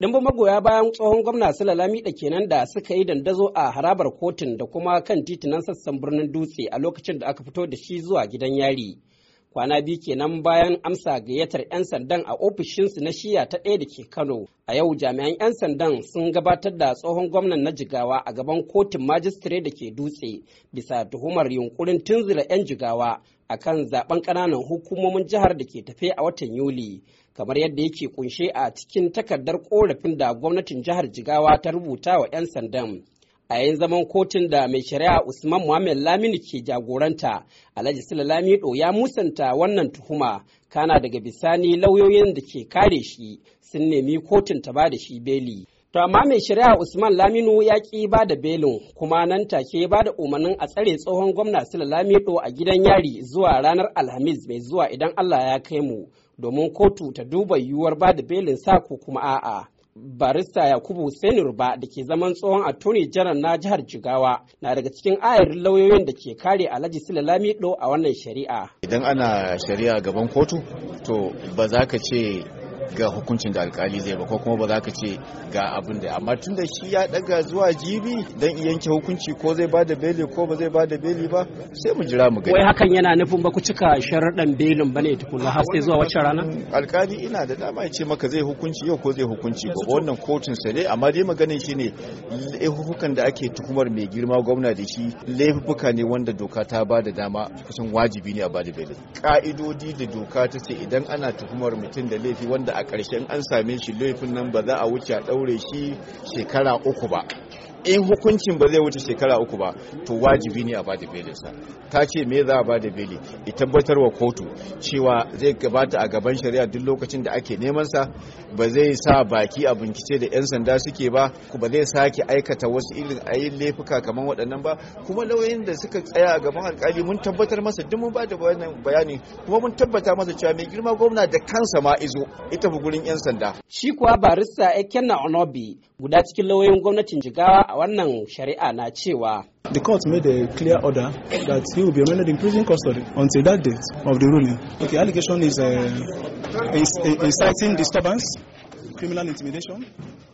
Dimbin magoya bayan tsohon gwamna su lalami da kenan da suka yi dandazo a harabar kotun da kuma kan titunan sassan birnin dutse a lokacin da aka fito da shi zuwa gidan yari. Kwana biyu kenan bayan amsa gayyatar 'yan sandan a ofishinsu na shiya ta ɗaya da ke Kano. A yau jami'an 'yan sandan sun gabatar da tsohon gwamnan na Jigawa a gaban kotun majistare da ke dutse bisa tuhumar yunkurin tunzura 'yan Jigawa a kan zaben ƙananan hukumomin jihar da ke tafe a watan Yuli kamar yadda yake kunshe a cikin takardar korafin da gwamnatin jihar Jigawa ta rubuta wa 'yan sandan. a yayin zaman kotun da mai shari'a Usman Muhammad Lamini ke jagoranta, Alhaji Sula Lamido ya musanta wannan tuhuma, kana daga bisani lauyoyin da ke kare shi sun nemi kotun ta ba da shi beli. To amma mai shari'a Usman Laminu ya ƙi ba da belin kuma nan take ba da umarnin a tsare tsohon gwamna Sula Lamido a gidan yari zuwa ranar Alhamis mai zuwa idan Allah ya kai mu domin kotu ta duba yiwuwar ba da belin sa ko kuma a'a. barista yakubu senurba da ke zaman tsohon attorney janar na jihar jigawa na daga cikin ayar lauyoyin da ke kare alhaji sila lamido a wannan shari'a idan ana shari'a gaban kotu to ba za ka ce ga hukuncin da alkali zai ba ko kuma ba za ka ce ga abin da amma tun da shi ya daga zuwa jibi iya yanke hukunci ko zai ba da beli ko ba zai ba da beli ba sai mu jira mu gani wai hakan yana nufin ba ku cika sharaɗan belin ne tukuna har sai zuwa wacce rana alkali ina da dama ya ce maka zai hukunci yau ko zai hukunci gobe wannan kotun sa ne amma dai maganin ne laifukan da ake tuhumar mai girma gwamna da shi laifuka ne wanda doka ta ba da dama kusan wajibi ne a ba da beli ka'idodi da doka ta ce idan ana tuhumar mutum da laifi wanda a ƙarshen an same shi laifin nan ba za a wuce a ɗaure shi shekara uku ba in hukuncin ba zai wuce shekara uku ba to wajibi ne a bada belinsa ta ce me za a bada beli i tabbatar wa kotu cewa zai gabata a gaban shari'a duk lokacin da ake neman sa ba zai sa baki a bincike da 'yan sanda suke ba ba zai sake aikata wasu irin ayin laifuka kamar waɗannan ba kuma lauyoyin da suka tsaya a gaban alkali mun tabbatar masa duk mun bada bayani kuma mun tabbata masa cewa mai girma gwamna da kansa ma izo ita gurin 'yan sanda shi kuwa barista ekenna onobi guda cikin lauyoyin gwamnatin jigawa a wannan shari'a na cewa The court made a clear order that he will be remanded in prison custody until that date of the ruling. Okay, allegation is uh, inciting disturbance, criminal intimidation.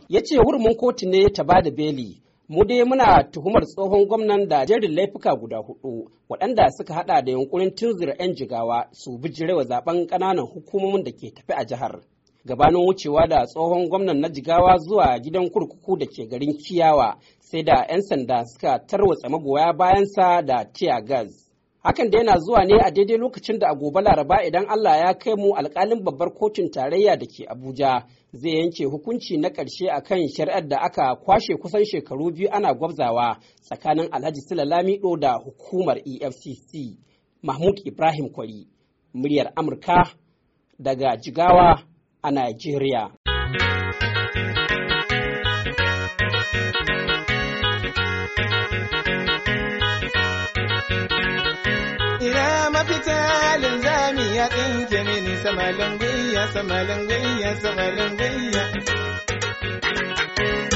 Ya ce hurumin kotu ne ta ba da beli mu dai muna tuhumar tsohon gwamnan da jerin laifuka guda hudu waɗanda suka hada da yunkurin tunzura 'yan jigawa su bijirewa zaben ƙananan hukumomin da ke tafi a jihar gabanin wucewa da tsohon gwamnan na jigawa zuwa gidan kurkuku da ke garin kiyawa sai da 'yan sanda suka tarwatsa magoya bayansa da tear gas hakan da yana zuwa ne a daidai lokacin da a gobe laraba idan allah ya kai mu alkalin babbar kotun tarayya da ke abuja zai yanke hukunci na ƙarshe a kan shari'ar da aka kwashe kusan shekaru biyu ana gwabzawa tsakanin alhaji silalamido da hukumar efcc mahmud ibrahim kwari muryar amurka daga jigawa a Najeriya. Ina mafita linzami ya tsinke mini sama gwiya, samalin gwiya, samalin gwiya.